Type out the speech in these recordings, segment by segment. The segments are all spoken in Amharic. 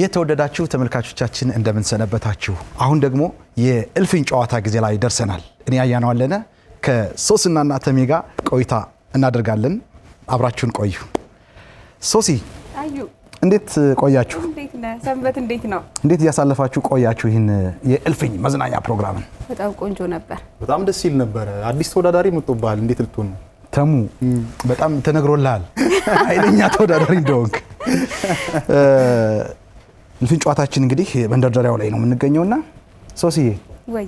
የተወደዳችሁ ተመልካቾቻችን እንደምንሰነበታችሁ። አሁን ደግሞ የእልፍኝ ጨዋታ ጊዜ ላይ ደርሰናል። እኔ አያነው አለነ እና ተሜ ጋር ቆይታ እናደርጋለን። አብራችሁን ቆዩ። ሶሲ እንዴት ቆያችሁ? ሰንበት እንዴት ነው? እንዴት እያሳለፋችሁ ቆያችሁ? ይህን የእልፍኝ መዝናኛ ፕሮግራምን በጣም ቆንጆ ነበር። በጣም ደስ ይል ነበረ። አዲስ ተወዳዳሪ መጥቶብሃል። እንዴት ልትሆን ነው? ተሙ በጣም ተነግሮልሃል፣ ኃይለኛ ተወዳዳሪ እንደሆንክ ድልፍን ጨዋታችን እንግዲህ መንደርደሪያው ላይ ነው የምንገኘውና ሶስዬ ወይ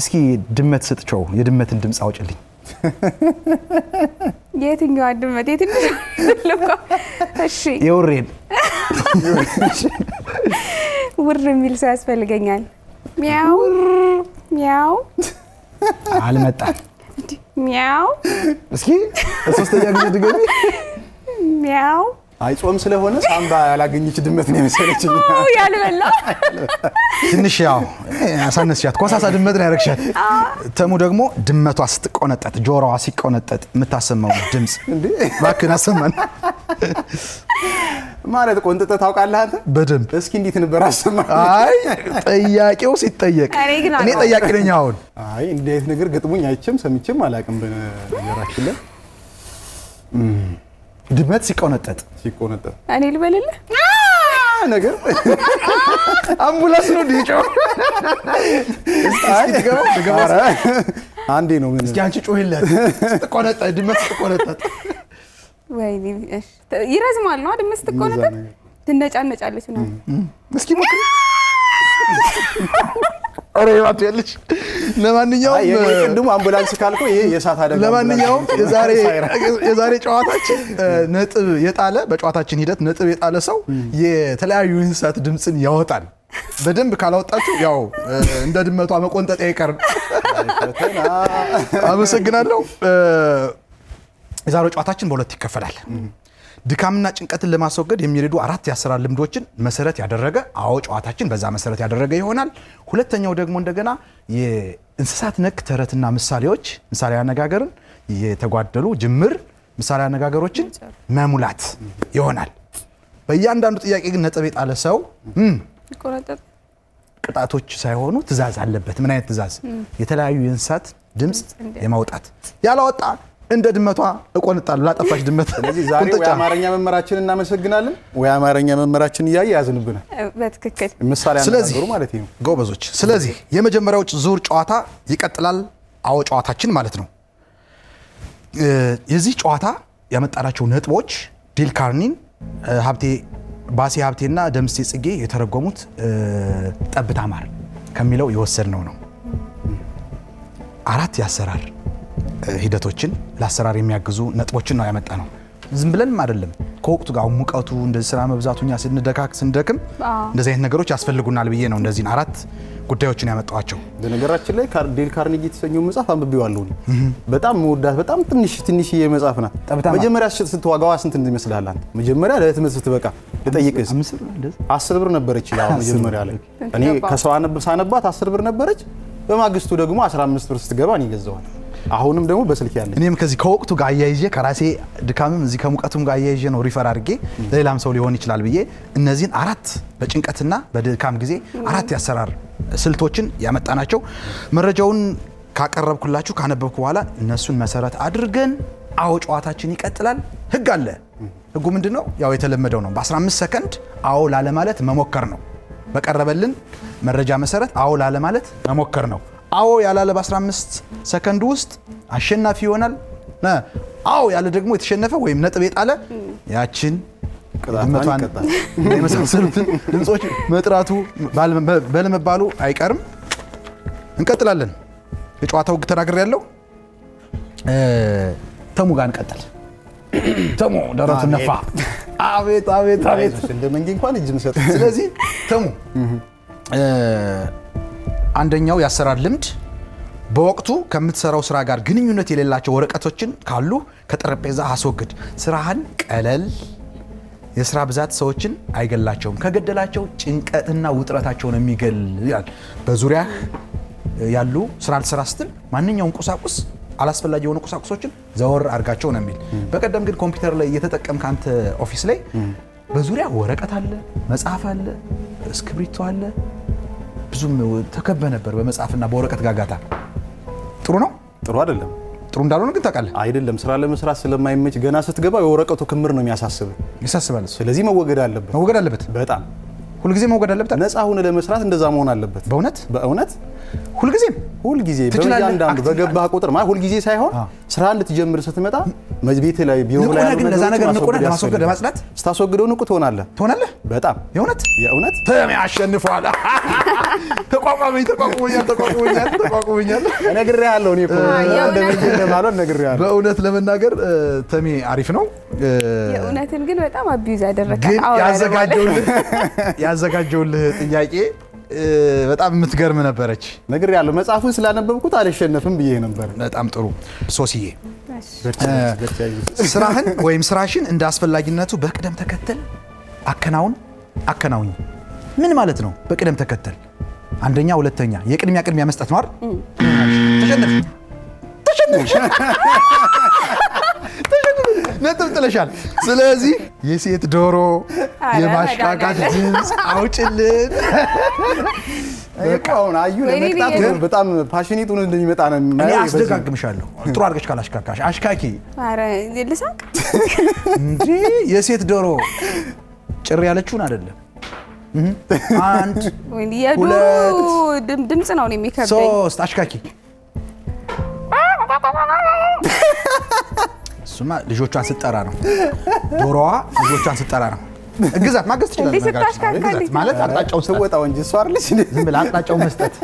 እስኪ ድመት ስጥቸው የድመትን ድምፅ አውጭልኝ። የትኛዋ ድመት? የትኛዋ? እሺ የውሬን ውር የሚል ሰው ያስፈልገኛል። ሚያው ሚያው አልመጣም። ሚያው እስኪ ሶስተኛ ጊዜ ድገሚ። ሚያው አይጾም ስለሆነ ሳምባ ያላገኘች ድመት ነው የመሰለች ያልበላ ትንሽ ያው ያሳነስሻት ኮሳሳ ድመት ነው ያደረግሻት። ተሙ ደግሞ ድመቷ ስትቆነጠጥ ጆሮዋ ሲቆነጠጥ የምታሰማው ድምፅ እባክህን አሰማን ማለት ቆንጥጠ ታውቃለህ አንተ? በደንብ እስኪ እንዴት ነበር አሰማ። አይ ጠያቂው ሲጠየቅ እኔ ጠያቂ ነኝ አሁን። አይ እንዴት ነገር ገጥሞኝ አይቼም ሰምቼም አላውቅም። በነገራችን ላይ ድመት ሲቆነጠጥ ሲቆነጠጥ እኔ ልበልልህ ነገር አምቡላንስ ነው ዲጮ አንዴ ነው። ምን እስኪ አንቺ ጩህለት ስትቆነጠ ድመት ስትቆነጠጥ ወይኔ ይረዝማል ነው ድመት ስትቆነጠጥ ትነጫነጫለች ነው እስኪ ሞክሪ ሬማትልሽ ለማንኛውም ቅድሙ አምቡላንስ ካልኩ የእሳት አደጋ። ለማንኛውም የዛሬ ጨዋታችን ነጥብ የጣለ በጨዋታችን ሂደት ነጥብ የጣለ ሰው የተለያዩ እንስሳት ድምፅን ያወጣል። በደንብ ካላወጣችሁ ያው እንደ ድመቷ መቆንጠጥ አይቀርም። አመሰግናለሁ። የዛሬው ጨዋታችን በሁለት ይከፈላል። ድካምና ጭንቀትን ለማስወገድ የሚረዱ አራት የአሰራር ልምዶችን መሰረት ያደረገ አዎ፣ ጨዋታችን በዛ መሰረት ያደረገ ይሆናል። ሁለተኛው ደግሞ እንደገና የእንስሳት ነክ ተረትና ምሳሌዎች፣ ምሳሌ አነጋገርን የተጓደሉ ጅምር ምሳሌ አነጋገሮችን መሙላት ይሆናል። በእያንዳንዱ ጥያቄ ግን ነጥብ የጣለ ሰው ቅጣቶች ሳይሆኑ ትዛዝ አለበት። ምን አይነት ትዛዝ የተለያዩ የእንስሳት ድምፅ የማውጣት ያላወጣ እንደ ድመቷ እቆንጣለሁ ላጠፋሽ ድመት። ስለዚህ ዛሬ ወይ አማርኛ መምህራችን እናመሰግናለን፣ ወይ አማርኛ መምህራችን እያየ ያዝንብናል። በትክክል ምሳሌ ስለዚህ ማለት ነው ጎበዞች። ስለዚህ የመጀመሪያው ዙር ጨዋታ ይቀጥላል። አዎ ጨዋታችን ማለት ነው። የዚህ ጨዋታ ያመጣናቸው ነጥቦች ዲል ካርኒን፣ ሀብቴ ባሴ፣ ሀብቴና ደምሴ ጽጌ የተረጎሙት ጠብታ ማር ከሚለው የወሰድነው ነው። አራት ያሰራር ሂደቶችን ለአሰራር የሚያግዙ ነጥቦችን ነው ያመጣ ነው። ዝም ብለንም አይደለም ከወቅቱ ጋር ሙቀቱ እንደዚህ ስራ መብዛቱ እኛ ስንደካክ ስንደክም እንደዚህ አይነት ነገሮች ያስፈልጉናል ብዬ ነው እንደዚህ አራት ጉዳዮችን ያመጣዋቸው። በነገራችን ላይ ዴል ካርኔጊ የተሰኘው መጽሐፍ አንብቤዋለሁ። በጣም መወዳት በጣም ትንሽ ትንሽ መጽሐፍ ናት። መጀመሪያ ስትዋጋዋ ስንት ይመስልሃል? መጀመሪያ ለህትመት ስትበቃ ልጠይቅህ አስር ብር ነበረች። መጀመሪያ ላይ እኔ ከሰው ሳነባት አስር ብር ነበረች። በማግስቱ ደግሞ 15 ብር ስትገባ እኔ አሁንም ደግሞ በስልክ ያለ እኔም ከዚህ ከወቅቱ ጋር አያይዤ ከራሴ ድካምም እዚህ ከሙቀቱም ጋር አያይዤ ነው ሪፈር አድርጌ ለሌላም ሰው ሊሆን ይችላል ብዬ እነዚህን አራት በጭንቀትና በድካም ጊዜ አራት ያሰራር ስልቶችን ያመጣናቸው መረጃውን ካቀረብኩላችሁ ካነበብኩ በኋላ እነሱን መሰረት አድርገን አዎ ጨዋታችን ይቀጥላል። ህግ አለ። ህጉ ምንድን ነው? ያው የተለመደው ነው። በ15 ሰከንድ አዎ ላለማለት መሞከር ነው። በቀረበልን መረጃ መሰረት አዎ ላለማለት መሞከር ነው። አዎ ያላለ በ15 ሰከንድ ውስጥ አሸናፊ ይሆናል። አዎ ያለ ደግሞ የተሸነፈ ወይም ነጥብ የጣለ ያችን ቅጣቷን የመሳሰሉትን ድምፆች መጥራቱ በለመባሉ አይቀርም። እንቀጥላለን። የጨዋታው ግ ተናግር ያለው ተሙ ጋር እንቀጥል። ተሙ ደረቱ ነፋ። አቤት አቤት አቤት! እንደመንጌ እንኳን እጅ ምሰጥ። ስለዚህ ተሙ አንደኛው የአሰራር ልምድ በወቅቱ ከምትሰራው ስራ ጋር ግንኙነት የሌላቸው ወረቀቶችን ካሉ ከጠረጴዛ አስወግድ። ስራህን ቀለል። የስራ ብዛት ሰዎችን አይገላቸውም፣ ከገደላቸው ጭንቀትና ውጥረታቸውን የሚገል ይላል። በዙሪያህ ያሉ ስራ ልስራ ስትል ማንኛውም ቁሳቁስ አላስፈላጊ የሆኑ ቁሳቁሶችን ዘወር አድርጋቸው ነው የሚል። በቀደም ግን ኮምፒውተር ላይ እየተጠቀም ከአንተ ኦፊስ ላይ በዙሪያ ወረቀት አለ፣ መጽሐፍ አለ፣ እስክሪብቶ አለ ብዙም ተከበ ነበር በመጽሐፍና በወረቀት ጋጋታ። ጥሩ ነው ጥሩ አይደለም። ጥሩ እንዳልሆነ ግን ታውቃለህ አይደለም? ስራ ለመስራት ስለማይመች ገና ስትገባ የወረቀቱ ክምር ነው የሚያሳስብ ያሳስባል። ስለዚህ መወገድ አለበት መወገድ አለበት። በጣም ሁልጊዜ መወገድ አለበት። ነፃ ሆነ ለመስራት እንደዛ መሆን አለበት። በእውነት በእውነት ሁልጊዜም ሁልጊዜ በእያንዳንዱ በገባህ ቁጥር ማለት ሁልጊዜ ሳይሆን ስራ እንድትጀምር ስትመጣ ቤት ላይ ቢሮ ላይ ያለው ነገር ለማስወገድ ለማጽዳት ስታስወግደው ንቁ ትሆናለህ ትሆናለህ በጣም የእውነት የእውነት ተሜ አሸንፏል። ተቋቋመኝ ተቋቁሞኛል ተቋቁሞኛል ተቋቁሞኛል እነግርሃለሁ። እኔ እኮ እንደማለት እነግርሃለሁ። በእውነት ለመናገር ተሜ አሪፍ ነው። የእውነትን ግን በጣም አቢዩዝ ያደረገ ያዘጋጀውልህ ጥያቄ በጣም የምትገርም ነበረች። ነግሬሃለሁ። መጽሐፉን ስላነበብኩት አልሸነፍም ብዬ ነበር። በጣም ጥሩ ሶስዬ፣ ስራህን ወይም ስራሽን እንደ አስፈላጊነቱ በቅደም ተከተል አከናውን አከናውኝ ምን ማለት ነው? በቅደም ተከተል አንደኛ፣ ሁለተኛ የቅድሚያ ቅድሚያ መስጠት ነው አይደል? ነጥብ ጥለሻል። ስለዚህ የሴት ዶሮ የማሽካካት ድምፅ አውጭልን። ቃሁን አዩ ለመቅጣት በጣም ፓሽኔት ሆኖ እንደሚመጣ ነው። እኔ አስደጋግምሻለሁ። ጥሩ አድርገሽ ካላሽካካሽ አሽካኪ ልሳቅ እንጂ የሴት ዶሮ ጭር ያለችውን አይደለም። አንድ ሁለት ድምፅ ነው የሚከብደኝ። ሶስት አሽካኪ እሱማ ልጆቿን ስጠራ ነው። ዶሮዋ ልጆቿን ስጠራ ነው። እግዛት ማገዝ ትችላለህ። ነገራችን ማለት አቅጣጫውን ስወጣ እንጂ እሷ አይደለች። ዝም ብለህ አቅጣጫውን መስጠት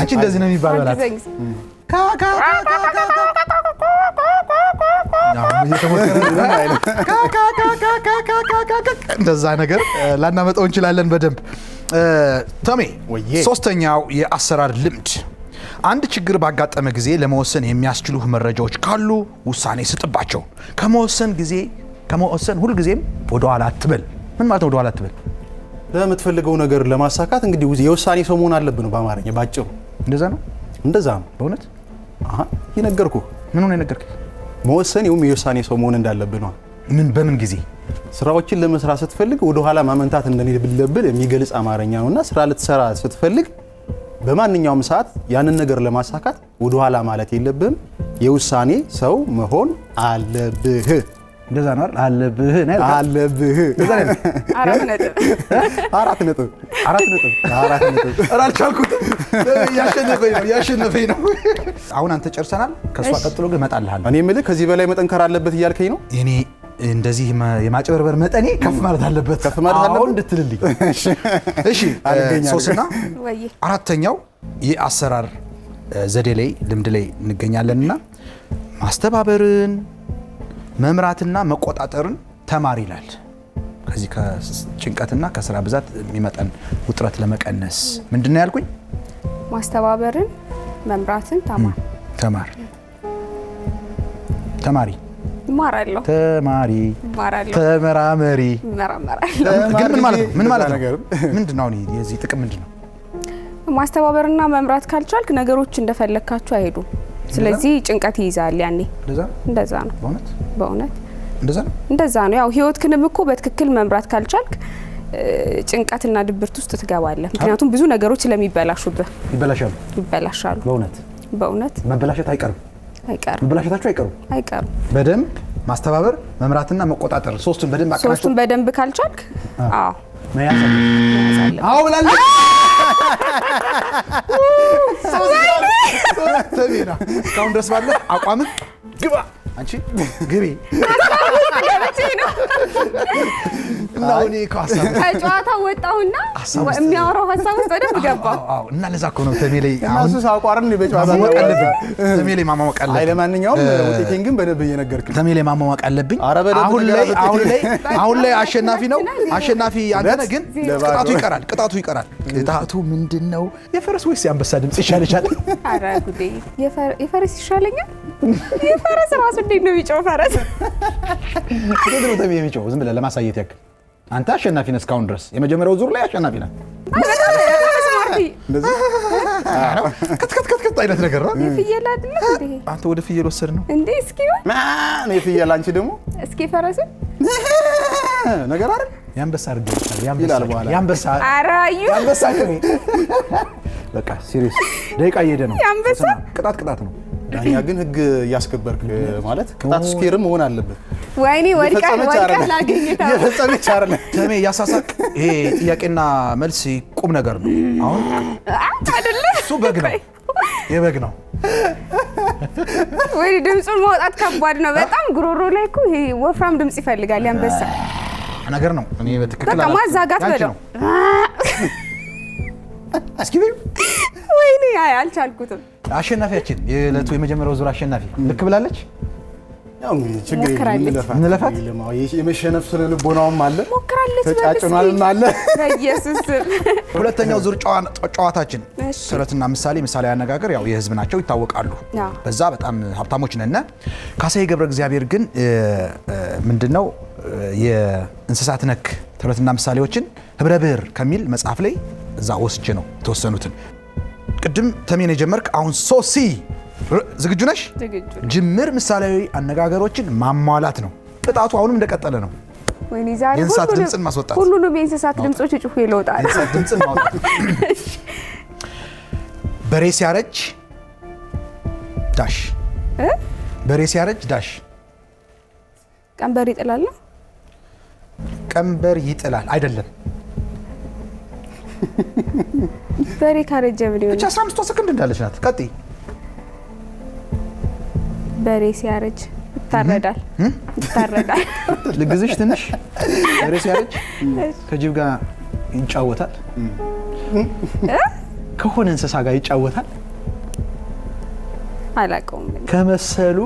አንቺ እንደዚህ ነው የሚባል በላት እንደዛ ነገር ላናመጣው እንችላለን በደንብ ቶሜ። ሶስተኛው የአሰራር ልምድ አንድ ችግር ባጋጠመ ጊዜ ለመወሰን የሚያስችሉ መረጃዎች ካሉ ውሳኔ ስጥባቸው። ከመወሰን ጊዜ ከመወሰን ሁልጊዜም ወደኋላ አትበል። ምን ማለት ነው? ወደኋላ አትበል። ለምትፈልገው ነገር ለማሳካት እንግዲህ የውሳኔ ሰው መሆን አለብን። በአማርኛ ባጭሩ እንደዛ ነው። እንደዛ ነው በእውነት የነገርኩህ። ምን ሆነ የነገርኩህ? መወሰን ይሁም የውሳኔ ሰው መሆን እንዳለብህ ነው። ምን በምን ጊዜ ስራዎችን ለመስራት ስትፈልግ ወደ ኋላ ማመንታት እንደሌለብህ የሚገልጽ አማርኛ ነውና፣ ስራ ልትሰራ ስትፈልግ በማንኛውም ሰዓት ያንን ነገር ለማሳካት ወደኋላ ማለት የለብህም። የውሳኔ ሰው መሆን አለብህ። እንደዛ ነው አይደል? አለብህ ነው አለብህ። እንደዛ ነው። አራት ነጥብ አራት ነጥብ አራት ነጥብ አራት ነጥብ። ያሸነፈኝ ነው ያሸነፈኝ ነው። አሁን አንተ ጨርሰናል። ከእሷ ቀጥሎ ግን እመጣልሃለሁ። እኔ የምልህ ከዚህ በላይ መጠንከር አለበት እያልከኝ ነው? እኔ እንደዚህ የማጭበርበር መጠኔ ከፍ ማለት አለበት፣ ከፍ ማለት አለበት እንድትልልኝ። እሺ ሶስና አራተኛው የአሰራር ዘዴ ላይ ልምድ ላይ እንገኛለንና ማስተባበርን መምራትና መቆጣጠርን ተማር ይላል። ከዚህ ከጭንቀትና ከስራ ብዛት የሚመጣን ውጥረት ለመቀነስ ምንድን ነው ያልኩኝ? ማስተባበርን መምራትን ተማር ተማር ተማሪ እማራለሁ ተማሪ ተመራመሪ ግን ምን ማለት ነው? ምን ማለት ነው? ምንድን ነው የዚህ ጥቅም ምንድን ነው? ማስተባበርና መምራት ካልቻልክ ነገሮች እንደፈለግካቸው አይሄዱም። ስለዚህ ጭንቀት ይይዛል ያኔ። እንደዛ ነው በእውነት በእውነት እንደዛ ነው። እንደዛ ነው። ያው ህይወት ክንም እኮ በትክክል መምራት ካልቻልክ ጭንቀትና ድብርት ውስጥ ትገባለህ። ምክንያቱም ብዙ ነገሮች ስለሚበላሹብህ ይበላሻሉ፣ ይበላሻሉ። በእውነት በእውነት መበላሸት አይቀርም አይቀርም፣ መበላሸታቸው አይቀርም አይቀርም። በደንብ ማስተባበር፣ መምራትና መቆጣጠር ሶስቱን በደንብ አቀራሽ ሶስቱን በደንብ ካልቻልክ አዎ መያዝ አዎ ብላለች ሰሜና እስካሁን ድረስ ባለ አቋም ግባ አንቺ ግቢ እና ወጣሁና የሚያወራው ሀሳብ ውስጥ ወደብ ገባ እና ለዛ እኮ ነው ተሜ ላይ እሱ ሳቋርን በጨዋታ ተሜ ላይ ማሟሟቅ አለብኝ። ለማንኛውም ውጤቴን ግን በደንብ እየነገርክ ተሜ ላይ ማሟሟቅ አለብኝ። አሁን ላይ አሸናፊ ነው አሸናፊ አንተ ነህ፣ ግን ቅጣቱ ይቀራል፣ ቅጣቱ ይቀራል። ቅጣቱ ምንድን ነው? የፈረስ ወይስ የአንበሳ ድምፅ ይሻልሻል? ኧረ ጉዴ! የፈረስ ይሻለኛል። የፈረስ ራሱ እንዴት ነው የሚጮህ? ፈረስ እንዴት ነው ተብዬ የሚጮህ? ዝም ብለህ ለማሳየት ያክል አንተ አሸናፊ ነህ። እስካሁን ድረስ የመጀመሪያው ዙር ላይ አሸናፊ ነህ። አይነት ነገር ነው። የፍየል አይደለም እንዴ? አንተ ወደ ፍየል ወሰድ ነው እንዴ? እስኪ ማን የፍየል አንቺ ደግሞ እስኪ ፈረሱ ነገር አይደል? ያንበሳ አድርገሻል። ያንበሳ በኋላ ያንበሳ አራዩ ያንበሳ ነው። በቃ ሲሪየስ ደቂቃ እየሄደ ነው። ያንበሳ ቅጣት ቅጣት ነው። ዳኛ ግን ህግ እያስከበርክ ማለት ቅጣት ስኬርም መሆን አለበት። ወይኔ ወድቃል ወድቃል አገኘታ የፈጸመች አይደለ ተሜ ያሳሳቅ። ይሄ ጥያቄና መልስ ቁም ነገር ነው። አሁን አይደለ እሱ በግ ነው የበግ ነው ወይ? ድምፁን ማውጣት ከባድ ነው በጣም ጉሮሮ ላይ እኮ ይሄ ወፍራም ድምፅ ይፈልጋል። ያንበሳ ነገር ነው። እኔ በትክክል ማዛጋት በለው እስኪ ወይኔ አልቻልኩትም። አሸናፊያችን የዕለቱ የመጀመሪያው ዙር አሸናፊ ልክ ብላለች። ያው የመሸነፍ ስነ ልቦናውም አለ ሞክራለች፣ ተጫጭኗልም አለ። በኢየሱስ ሁለተኛው ዙር ጨዋታችን ተረትና ምሳሌ፣ ምሳሌ አነጋገር ያው የህዝብ ናቸው ይታወቃሉ። በዛ በጣም ሀብታሞች ነን። ካሳዬ ገብረ እግዚአብሔር ግን ምንድነው የእንስሳት ነክ ተረትና ምሳሌዎችን ህብረ ብዕር ከሚል መጽሐፍ ላይ እዛ ወስጄ ነው የተወሰኑትን። ቅድም ተሜን የጀመርክ አሁን ሶሲ ዝግጁ ነሽ? ጅምር ምሳሌያዊ አነጋገሮችን ማሟላት ነው። ቅጣቱ አሁንም እንደቀጠለ ነው። ወይኔ ዛሬ የእንስሳት ድምፅን ማስወጣት፣ ሁሉንም የእንስሳት ድምፆች እጩሁ ይለውጣል። የእንስሳት ድምፅን ማውጣት። በሬ ሲያረጅ ዳሽ፣ በሬ ሲያረጅ ዳሽ። ቀንበር ይጥላል። ቀንበር ይጥላል አይደለም። በሬ ካረጀ ምን ይሆናል? ብቻ አስራ ሰከንድ እንዳለች ናት። ቀጥይ በሬ ሲያረጅ ይታረዳል ይታረዳል። ልግዝሽ ትንሽ በሬ ሲያረጅ ከጅብ ጋር ይጫወታል፣ ከሆነ እንስሳ ጋር ይጫወታል። አላውቀውም። ከመሰሉ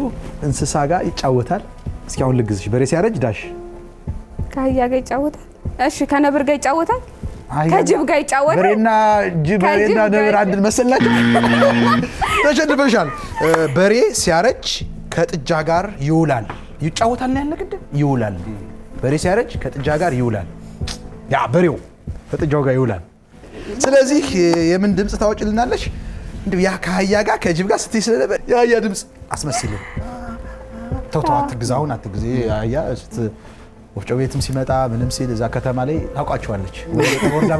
እንስሳ ጋር ይጫወታል። እስኪ አሁን ልግዝሽ። በሬ ሲያረጅ ዳሽ ከአህያ ጋር ይጫወታል። እሺ ከነብር ጋር ይጫወታል። ከጅብ ጋር ይጫወታል። በሬና ጅብ በሬና ነብር አንድ መሰላችሁ? ተሸንፈሻል። በሬ ሲያረጅ ከጥጃ ጋር ይውላል። ይጫወታል ያለ ቅድም። ይውላል። በሬ ሲያረጅ ከጥጃ ጋር ይውላል። ያ በሬው ከጥጃው ጋር ይውላል። ስለዚህ የምን ድምፅ ታወጭልናለሽ? እንዲሁ ያ ከአህያ ጋር ከጅብ ጋር ስትይ ስለነበር የአህያ ድምፅ አስመስልን። ተው አትግዛውን አትግዛ፣ አሁን አትግዜ አህያ ወፍጮ ቤትም ሲመጣ ምንም ሲል እዛ ከተማ ላይ ታውቋቸዋለች። ወርዳ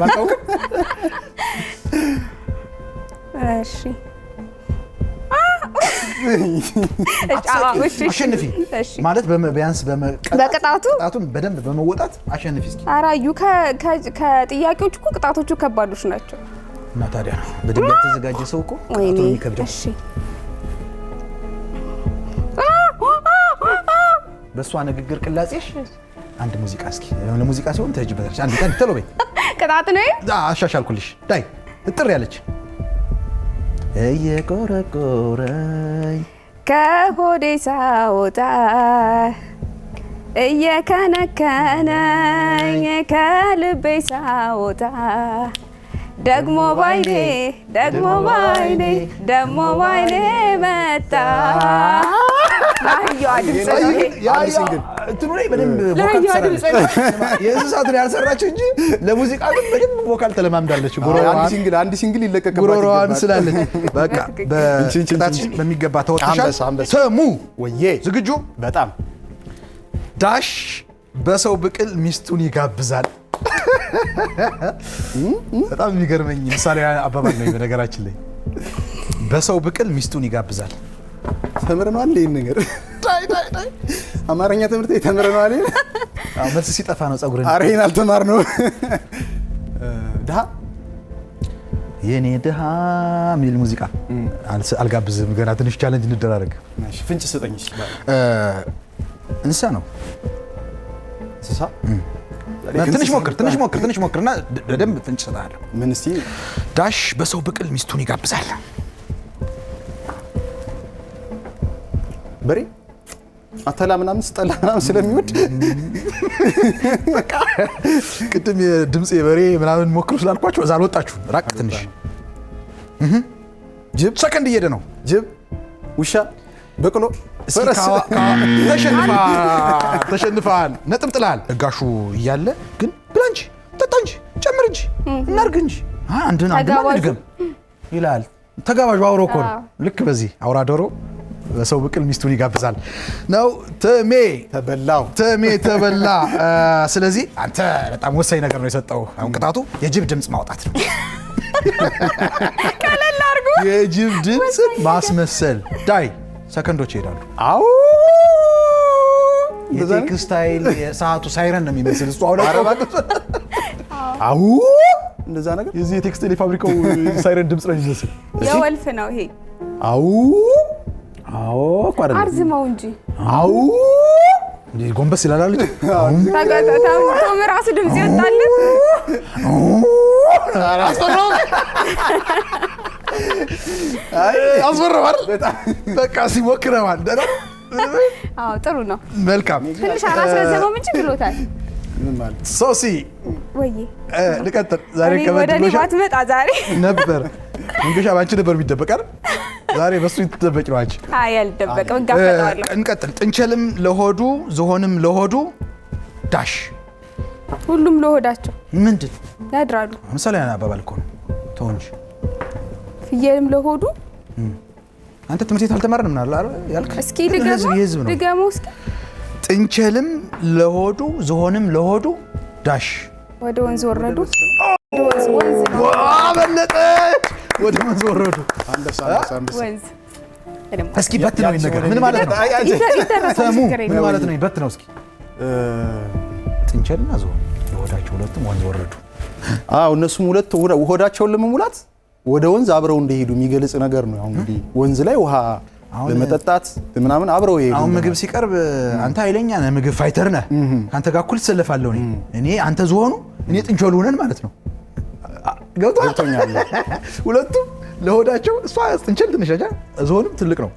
አሸንፊ ማለት ቢያንስ በቅጣቱም በደንብ በመወጣት አሸንፊ። አራዩ ከጥያቄዎች እኮ ቅጣቶቹ ከባዶች ናቸው። እና ታዲያ በድንገት ተዘጋጀ ሰው እኮ ቅጣቱ በእሷ ንግግር ቅላጼሽ አንድ ሙዚቃ እስኪ ለሙዚቃ ሲሆን ሲሆን ትሄጂበታለሽ። አንድ ቀን ተሎ በይ ቅጣት ነው። አሻሻልኩልሽ። ዳይ እጥር ያለች እየቆረቆረኝ ከሆዴ ሳወጣ እየከነከነኝ ከልቤ ሳወጣ ደግሞ ባይኔ ደግሞ ባይኔ ደግሞ ባይኔ መጣ እንትኑ የእንስሳትን ያልሰራችው እንጂ ለሙዚቃ ግን በደንብ ቮካል ተለማምዳለች። አንድ ሲንግል ይለቀቅባት ጉሮሮዋን ስላለች በሚገባ ተወጥተሻል። ስሙ ወዬ ዝግጁ በጣም ዳሽ በሰው ብቅል ሚስቱን ይጋብዛል። በጣም የሚገርመኝ ምሳሌ አባባል ነው። በነገራችን ላይ በሰው ብቅል ሚስቱን ይጋብዛል ተምረናል። ይሄን ነገር አማርኛ ትምህርት ቤት ተምረናል። አዎ፣ መልስ ሲጠፋ ነው ጸጉርን። ኧረ አልተማር ነው ድሀ የኔ ድሀ የሚል ሙዚቃ አልጋብዝም። ገና ትንሽ ቻለንጅ እንደራረግ። እሺ፣ ፍንጭ ስጠኝ። እሺ፣ እንስሳ ነው። እንስሳ ትንሽ ሞክር፣ ትንሽ ሞክር፣ ትንሽ ሞክርና በደንብ ፍንጭ ሰጣለሁ። ምን እስቲ ዳሽ በሰው ብቅል ሚስቱን ይጋብዛል። በሬ አተላ ምናምን ስጠላ ምናምን ስለሚወድ በቃ ቅድም የድምፅ የበሬ ምናምን ሞክሩ ስላልኳቸው እዛ አልወጣችሁ ራቅ ትንሽ ጅብ ሰከንድ እየሄደ ነው። ጅብ፣ ውሻ፣ በቅሎ ተሸንፋል። ነጥብ ጥላል። እጋሹ እያለ ግን ብላ እንጂ ጠጣ እንጂ ጨምር እንጂ እናርግ እንጂ አንድን አንድ ድገም ይላል። ተጋባዥ አውሮ እኮ ነው። ልክ በዚህ አውራ ዶሮ ለሰው ብቅል ሚስቱን ይጋብዛል ነው። ትሜ ተበላው ትሜ ተበላ። ስለዚህ አንተ በጣም ወሳኝ ነገር ነው የሰጠው። አሁን ቅጣቱ የጅብ ድምፅ ማውጣት ነው። ቀለል አርጎ የጅብ ድምፅ ማስመሰል ዳይ ሰከንዶች ይሄዳሉ። አዎ የቴክስታይል የሰዓቱ ሳይረን ነው የሚመስል እሱ አሁን አሁ እንደዛ ነገር የዚህ የቴክስታይል የፋብሪካው ሳይረን ድምፅ ነው የሚመስል የወልፍ ነው ይሄ አው አርዝመው እንጂ አዎ ጎንበስ ይላል። ቶም ራሱ ድምፅ ይወጣልን። አስፈረማል። በቃ ሲሞክረማል። ጥሩ ነው። መልካም ትንሽ አላስረዘመም እንጂ ብሎታል። ሶሲ ልቀጥል። ዛሬ ከበድ ነበር መንገሻ ባንቺ ነበር የሚደበቃል። ዛሬ በሱ ይተበቅ ነው አንቺ። አይ አልደበቅም፣ እጋፈጠዋለሁ። እንቀጥል። ጥንቸልም ለሆዱ ዝሆንም ለሆዱ ዳሽ ሁሉም ለሆዳቸው ምንድን ያድራሉ። ምሳሌ ያን አባባል እኮ ነው። ተው እንጂ ፍየልም ለሆዱ አንተ ትምህርት ቤት አልተማርንም ምናምን አለ ያልክ። እስኪ ድገመው እስኪ። ጥንቸልም ለሆዱ ዝሆንም ለሆዱ ዳሽ ወደ ወንዝ ወረዱ። ወንዝ በለጠ ወደ ወንዝ ወረዱ። እስኪ በት ነው ነገር ምን ማለት ነው? ምን ማለት ነው? በት ነው። እስኪ ጥንቸልና ዝሆን የሆዳቸው ሁለቱም ወንዝ ወረዱ። አዎ እነሱም ሁለት ሆዳቸውን ለመሙላት ወደ ወንዝ አብረው እንደሄዱ የሚገልጽ ነገር ነው። አሁን እንግዲህ ወንዝ ላይ ውሃ ለመጠጣት ምናምን አብረው ይሄዱ። አሁን ምግብ ሲቀርብ አንተ ኃይለኛ ነህ፣ ምግብ ፋይተር ነህ፣ ከአንተ ጋር እኩል ትሰለፋለሁ እኔ አንተ ዝሆኑ እኔ ጥንቸሉ ሆነን ማለት ነው ገብቶኛል። ሁለቱም ለሆዳቸው እሷ ጥንቸል ትንሽ ነች፣ ዝሆንም ትልቅ ነው።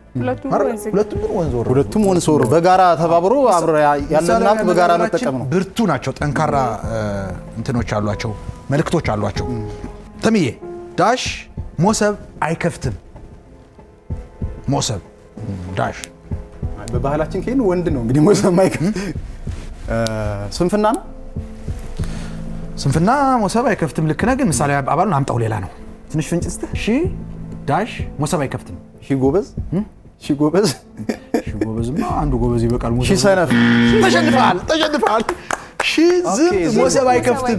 ሁለቱም ግን ወንዝ ወር፣ ሁለቱም ወንዝ በጋራ ተባብሮ ያለና በጋራ መጠቀም ነው። ብርቱ ናቸው፣ ጠንካራ እንትኖች አሏቸው፣ መልእክቶች አሏቸው። ተምዬ ዳሽ ሞሰብ አይከፍትም። ሞሰብ ዳሽ በባህላችን ከሄን ወንድ ነው እንግዲህ ሞሰብ ማይከፍት ስንፍና ነው ስንፍና ሞሰብ አይከፍትም። ልክ ነህ። ግን ምሳሌ አባሉን አምጣው። ሌላ ነው ትንሽ ፍንጭ ስትህ ሺ ዳሽ ሞሰብ አይከፍትም። ሺ ጎበዝ፣ ሺ ጎበዝ፣ ሺ ጎበዝማ አንዱ ጎበዝ ይበቃል። ሺ ሰነፍ ተሸንፈሃል፣ ተሸንፈሃል። ሺ ዝም ሞሰብ አይከፍትም።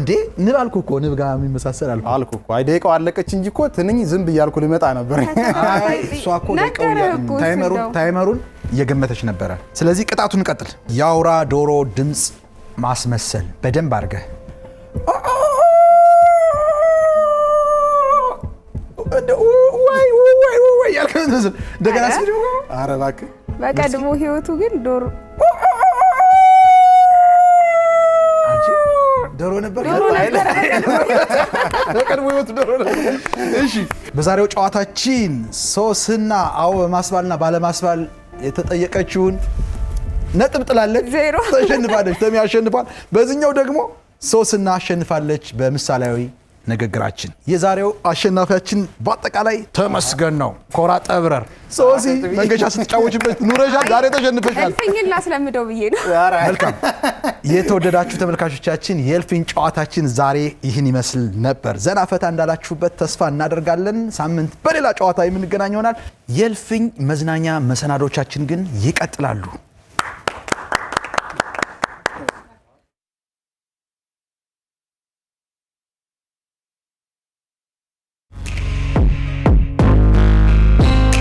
እንዴ ንብ አልኩ እኮ ንብ ጋር የሚመሳሰል አልኩ አልኩ እኮ። አይ ደቂቃው አለቀች እንጂ እኮ ትንኝ ዝም ብያልኩ ልመጣ ነበር። እሷ እኮ ደቂቃው ታይመሩን እየገመተች ነበረ። ስለዚህ ቅጣቱን ቀጥል። የአውራ ዶሮ ድምፅ ማስመሰል በደንብ አድርገህ እየፈደው ወይ ወይ ወይ ያልከ እንደገና እባክህ በቀድሞ ህይወቱ ግን ዶሮ ዶሮ ነበር። በቀድሞ ህይወቱ ዶሮ ነበር። እሺ፣ በዛሬው ጨዋታችን ሶስና አዎ በማስባልና ባለማስባል የተጠየቀችውን ነጥብ ጥላለች፣ ተሸንፋለች። ተሚ አሸንፏል። በዚህኛው ደግሞ ሶስና አሸንፋለች በምሳሌያዊ ንግግራችን። የዛሬው አሸናፊያችን በአጠቃላይ ተመስገን ነው። ኮራ ጠብረር ሶሲ መንገሻ ስትጫወችበት ኑረሻል። ዛሬ ተሸንፈሻል። እልፍኝን ላስለምደው ብዬ ነው። መልካም የተወደዳችሁ ተመልካቾቻችን፣ የእልፍኝ ጨዋታችን ዛሬ ይህን ይመስል ነበር። ዘና ፈታ እንዳላችሁበት ተስፋ እናደርጋለን። ሳምንት በሌላ ጨዋታ የምንገናኝ ይሆናል። የእልፍኝ መዝናኛ መሰናዶቻችን ግን ይቀጥላሉ።